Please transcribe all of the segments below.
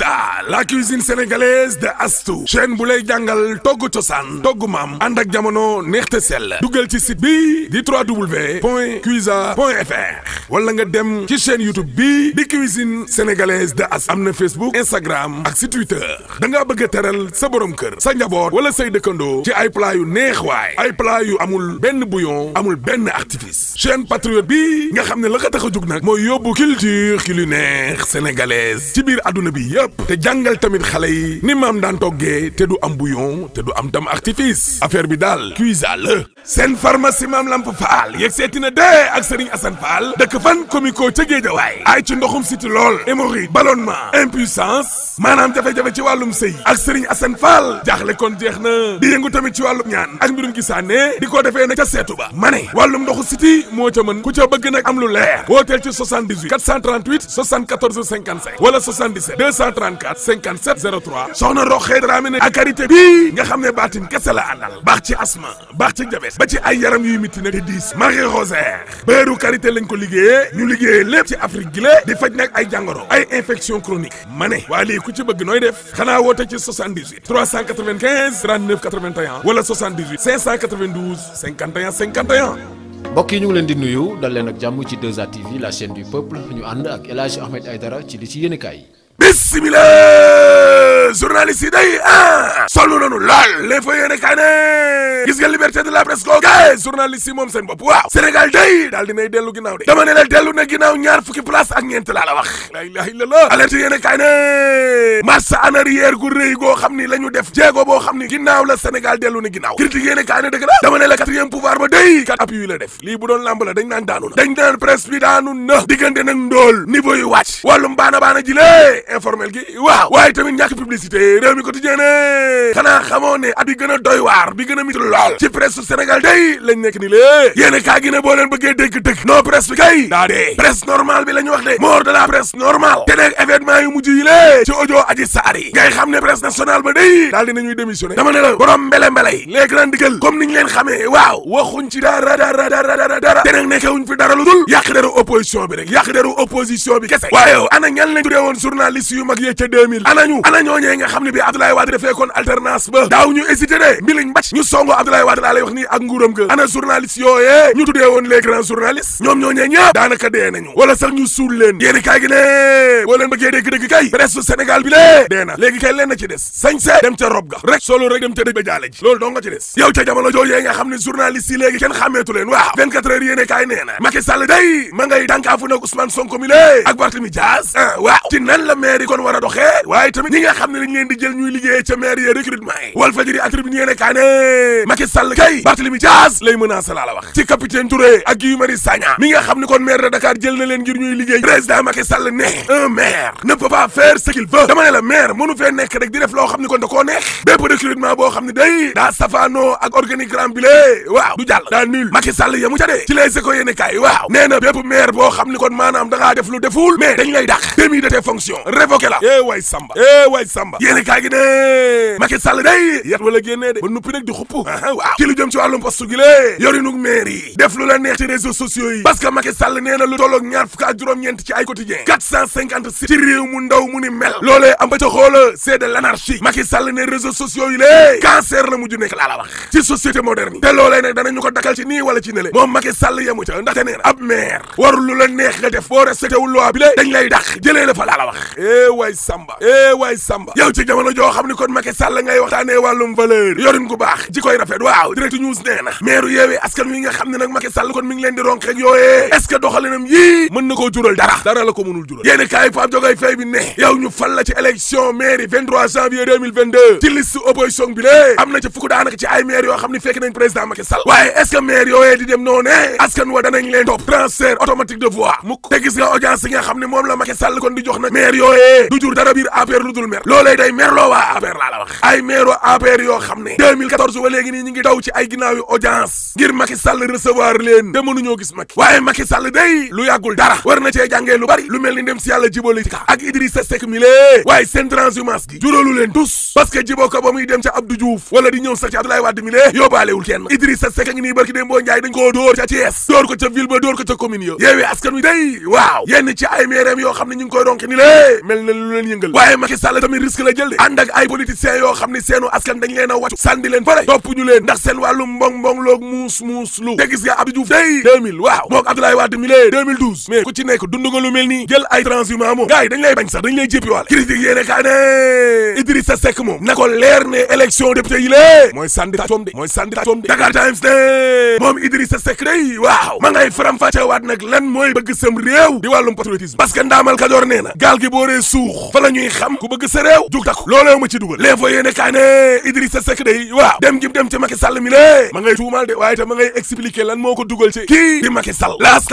ISA la cuisine sénégalaise de Astou chaîne bu lay jàngal togg cosaan togg maam ànd ak jamono neexte sell duggal ci site bi di 3w point cuisa point fr wala nga dem ci chaîne YouTube bi di cuisine sénégalaise de Astou am na Facebook Instagram ak si Twitter da ngaa bëgg a sa borom kër sa njaboot wala say dëkkandoo ci ay plat yu neex waay ay plat yu amul benn bouillon amul benn artifice chaîne patriote bi nga xam ne la ko tax a jug nag mooy yóbbu culture culinaire sénégalaise ci biir adduna bi ñëpp te jàngal tamit xale yi ni maam daan toggee te du am bouillon te du am tam artifice affaire bi daal cuisa la seen pharmacie maam lamp faal yegg seeti na dee ak Serigne Assane Fall dëkk fan comico ca Géejawaay ay ci ndoxum siti lool hémorroïde ballonnement impuissance maanaam jafe-jafe ci wàllum sëy ak Serigne Assane Fall jaaxle kon jeex na di yëngu tamit ci wàllum ñaan ak mbirum gisaane di ko defee nag ca seetu ba ma ne wàllum ndoxu siti moo ca mën ku ca bëgg 234 57 03 soxna Roxee Dramé ne akarité bii nga xam ne baatin kese la àndal baax ci asma baax ci jabet ba ci ay yaram yuy mitti nag te diis Marie Rosaire beeru karité lañ ko liggéeyee ñu liggéeyee lépp ci Afrique gi di faj nag ay jàngoro ay infection chronique ma ne waa lii ku ci bëgg nooy def xanaa woote ci 78 395 39 81 wala 78 592 51 51 mbokk yi ñu leen di nuyu dal leen ak jàmm ci 2A TV la chaîne du peuple ñu ànd ak El Ahmed Aïdara ci li ci yéenekaay yi bisimila journaliste yi day ah solu nanu lool les fa yéene kaa ne gis nga liberté de la presse koo ga eh, journaliste yi moom seen bopp waaw Sénégal day daal dinay dellu ginnaaw de dama ne la dellu na ginnaaw ñaar fukki place ak ñeent laa la wax la ilaha illallah alerte yéene kaa ne marche en gu rëy goo xam ni lañu def jéego boo xam ni ginnaaw la Sénégal dellu na ginnaaw critique yéene kaa ne dëgg la dama ne la quatrième pouvoir ba day kat appui la def lii bu doon làmb dañ naan daanu na dañ naan presse bi daanu na diggante nag ndóol niveau yu wàcc wàllum baana baana ji informel gi waaw waaye tamit ñàkk publicité réew mi quotidien ne xanaa xamoo ne a doy waar bi gën a mit lool ci presse Sénégal day lañ nekk ni lée yéena kaa gi ne bëggee dégg dëgg non presse bi kay daa dee presse bi la ñu wax de mort de la presse normale te nag événement yu mujj yi lée ci audio aji saar ngay xam ne presse nationale ba day daal dinañuy démissionné dama ne la borom mbele mbele yi les grands niñ leen xamee waaw waxuñ ci dara journaliste yu mag yee ca 2000 anañu ana ñooñee nga xam ne bi Abdoulaye Wade defee kon alternance ba daaw ñu hésité de mbiliñ mbac ñu songo Abdoulaye Wade laa wax nii ak nguuram ga ana journaliste yooyee ñu tuddee woon les grands journalistes ñoom ñooñee ñëpp daanaka dee nañu wala sax ñu suul leen yéeni gi ne boo leen bëggee dégg-dégg kay presse Sénégal bi lee dee na léegi kay ci des sañse dem ca rob ga rek solo rek dem ca dëj ba jaale ji loolu ci des yow maire yi kon war a doxee waaye di jël ñuy liggéeyee ca maire yi recrutement yi wal ne Macky Sall kay Barthélemy Dias lay menacé na leen ngir ñuy liggéey président Macky Sall ne fee nekk rek di def loo xam ne kon da koo neex bépp recrutement boo xam ne day daa safaanoo ak organigramme bi waaw du jàll daa nul Macky Sall yamu ca dee ci les écoles waaw nee na bépp maire boo xam ne kon maanaam da ngaa def lu deful mais dañ lay dàq démis de tes fonctions révoqué la eh way Samba eh way Samba yéene kaa gi ne Macky Sall day yat wala génnee de ba nuppi nag di xupp waaw ci lu jëm ci wàllum poste gi def lu la neex ci réseaux sociaux yi parce que Macky Sall nee na lu tolloog ñaar fukk ak juróom-ñeent ci ay quotidien quatre cent cinquante six ci réew mu ndaw mu ni mel loolee am ba ca xoola c'est de l'anarchie Macky ne réseaux sociaux yi lée cancer la mujj nekk laa wax ci société moderne te loolee neex nga def boo eh waay Samba eh waay Samba yow ci jamono joo xam ni kon Macky Sall ngay waxtaanee wàllum valeur yorin gu baax ji rafet waaw direct news nee na maire yeewee askan wi nga xam ne nag Macky Sall kon mi ngi leen di ronk ak doxalinam yii mën na jural dara dara la ko jural yéen kaay Pape Diogaye Faye bi ne yow ñu fal ci élection maire yi xam ni fekk nañ président Macky waaye est ce que maire di dem noonu askan wa danañ leen topp transfert automatique de voix mukk te gis nga audience yi nga loolee du jur dara biir APR lu dul mer loolee day merloo waa APR waaye Macky Sall day lu yàggul dara war na cee jàngee lu bari lu mel ni dem si yàlla jibali ka ak Idrissa Seck mi lee waaye seen transhumance juróolu leen tous parce que ko ba muy dem ca Abdou Diouf di ñëw sax ci Abdoulaye Wade mi lee yóbbaalewul kenn Idrissa Seck ngi nii barki dem boo njaay dañ koo dóor ca Thiès dóor ko ca ville ba ko ca commune yo yeewee askan wi day waaw yenn ci ay meereem yoo xam ne ñu ngi koy ronk ni lee de mel na lu leen yëngal waaye Macky Sall tamit risque la jël de ànd ak ay politiciens yoo xam ni seenu askan dañ leen a wàccu sànni leen fële topp ñu leen mbong mbong loog muus muus lu te gis nga Abdou Diouf day 2000 waaw mook Abdoulaye Wade mi lee 2012 mais ku ci nekk dund lu mel nii jël ay transhumant moom gars dañ lay bañ dañ lay jéppi waale critique yéene kaa ne Idrissa moom na leer ne élection député yi lée mooy sànni tàccoom de mooy sànni tàccoom de dooree suux fa la ñuy xam ku bëgg sa jug takku loolee ma ci ci dugal ci kii di Macky Sall laast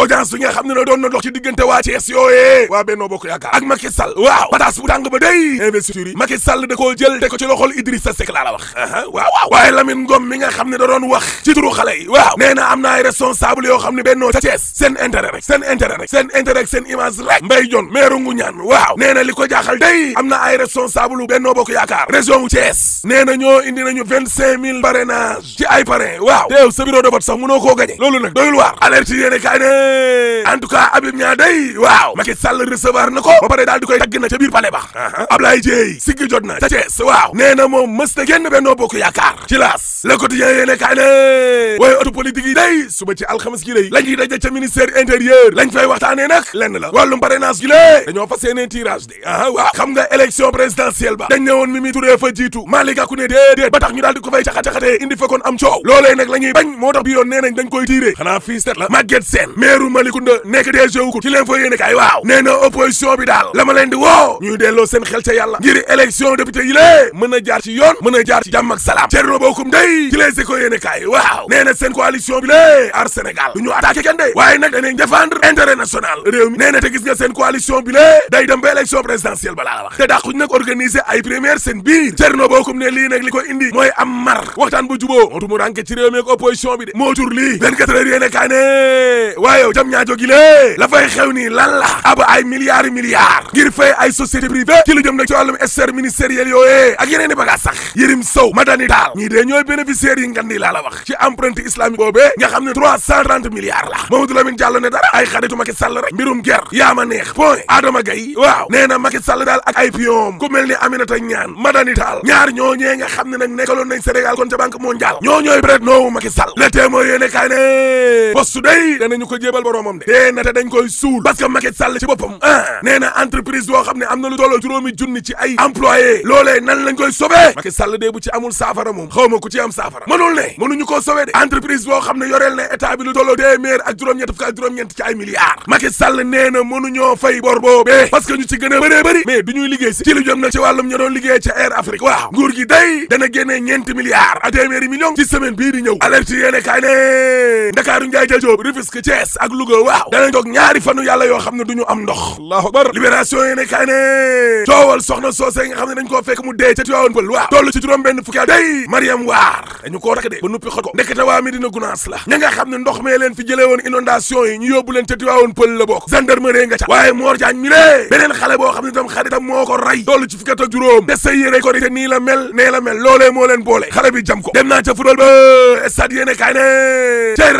audience bi nga xam ne ne doon na dox ci diggante waa Thiès rek seen intérêt rek seen intérêt rek seen image rek mbay jon meeru nguñ ñaan waaw nee na li ko jaaxal day am na ay responsable Benno Bokk Yaakaar région wu Thiès nee ñoo indi nañu vingt cinq ci ay parrain waaw teew sa de vote sax mënoo koo gañe loolu nag doyul waar alerte yéene kaay ne en tout cas Habib Niang day waaw Macky Sall recevoir na ko ba pare daal di koy tagg na ca biir palais ba uh-huh. Ablaye Dieye siggi jot na ca Thiès waaw nee moom mës na génn Bokk Yaakaar ci laas le quotidien yéene kaay ne waaye auto politique yi fas yéeneen tirage de ah waaw xam nga élection présidentielle ba dañ ne woon Mimi Touré fa jiitu Malick Gakou ne déedéet ba tax ñu daal di ko fay caxat-caxatee indi fa kon am coow loolee nag la ñuy bañ moo tax bi yoon nee dañ koy tiiree xanaa fii set la Maguette Sène maire Malicounda nekk DG wu ko ci leen fa yéene kaay waaw nee na bi daal la ma di woo ñuy delloo seen xel ca yàlla ngir élection député yi lée mën a jaar ci yoon mën a jaar ci day dem ba élection présidentielle ba laa la wax te dàquñ nag organiser ay première seen biir Thierno Bocoum ne lii nag li ko indi mooy am mar waxtaan bu juboo mootu mu rànke ci réew mi opposition bi de moo jur lii 24 heures yéene kaa ne waaye jam ñaa jógi la fay xew nii lan la ab ay milliards milliards ngir fay ay société privée ci lu jëm ci wàllum externe ministériel yooyee ak yeneen i bagaas sax Yérim Sow Madani Tall la wax ci empreinte islamique ne gay waaw nee na Macky daal ak ay ku mel ni Aminata Ñaan Madani Tall ñaar ñooñee nga xam ne nag nekkaloon nañ Sénégal kon ca ñoo ñooy bret noowu Macky Sall le témoin yéene kaay ne postu day danañu ko jébal boroomam de dee te dañ koy suul parce que Macky ci boppam ah nee entreprise boo xam ne am na lu tolloo juróomi junni ci ay employé loolee nan lañ koy sobee Macky Sall dee bu ci amul saafara moom xaw ku ci am saafara mënul ne mënuñu googee parce que ñu ci gën a bëree bëri mais du ñuy liggéey si ci lu jëm ci wàllum ñu liggéey ca Air Afrique waaw nguur gi day dana génnee ñeenti milliards ak téeméeri ci semaine bii di ñëw alerte yéene kaay ne Ndakaaru Njaay ja Jóob Rufisque Thiès ak Louga waaw danañ toog ñaari fanu yàlla yoo xam ne du ñu am ndox allahu akbar libération yéene kaay ne soxna soosé nga xam ne dañ koo fekk mu dee ca Tiwaawan pël waaw toll ci juróom benn fukki day Mariam Waar dañu koo ko ndekete waa de beneen xale boo xam ne tam xaritam moo ko rey toll ci fukki at ak juróom te sa yére ko te nii la mel nee la mel loolee moo leen boole xale bi jam ko dem naa ca football ba stade yéene kaay ne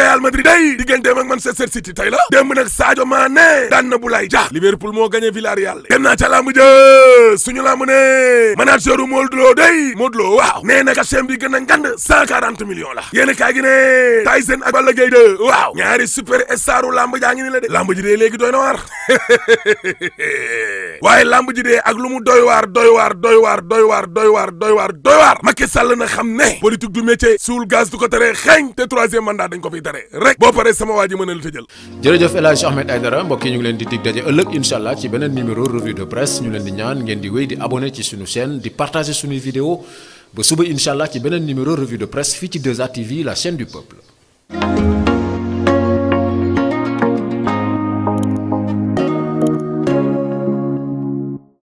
Real Madrid day digganteem ak Manchester City tey la démb nag Sadio Mané daan na Boulaye Dia Liverpool moo gagné Villarreal dem naa ca lamb ja suñu lamb ne manageru Modou Lo day Modou Lo waaw nee na cachet bi gën a ngand cent quarante la yéene kaay gi ne Tyson ak Balla ñaari super staru lamb jaa ngi la de lamb ji dee léegi waaye lamb ji dee ak lu mu doy waar doy waar doy waar doy waar doy waar doy waar doy waar Macky na xam ne politique du métier suul gaz du ko tere xeeñ te troisième mandat dañ ko fiy tere rek boo paree sama waa ji mën a lu tëjal jërëjëf El Ahmed Aidara mbokk yi ñu leen di dig daje ëllëg incha ci beneen numéro revue de presse ñu leen di ñaan ngeen di wéy di abonné ci suñu chaîne di partager suñuy vidéo ba suba incha allah ci beneen numéro revue de presse fii ci 2A la chaîne du